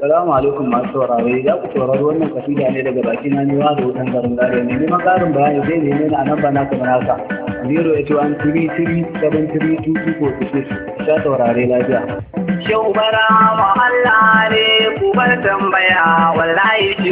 Salamu alaikum masu saurare, za ku saurari wannan kafida ne daga baki na newa da wutan garin gari ne. Neman ƙarin bayani zai neme three a three two na four six six sha saurare lafiya. Shehu bara wa Allah ne ku bar tambaya wallahi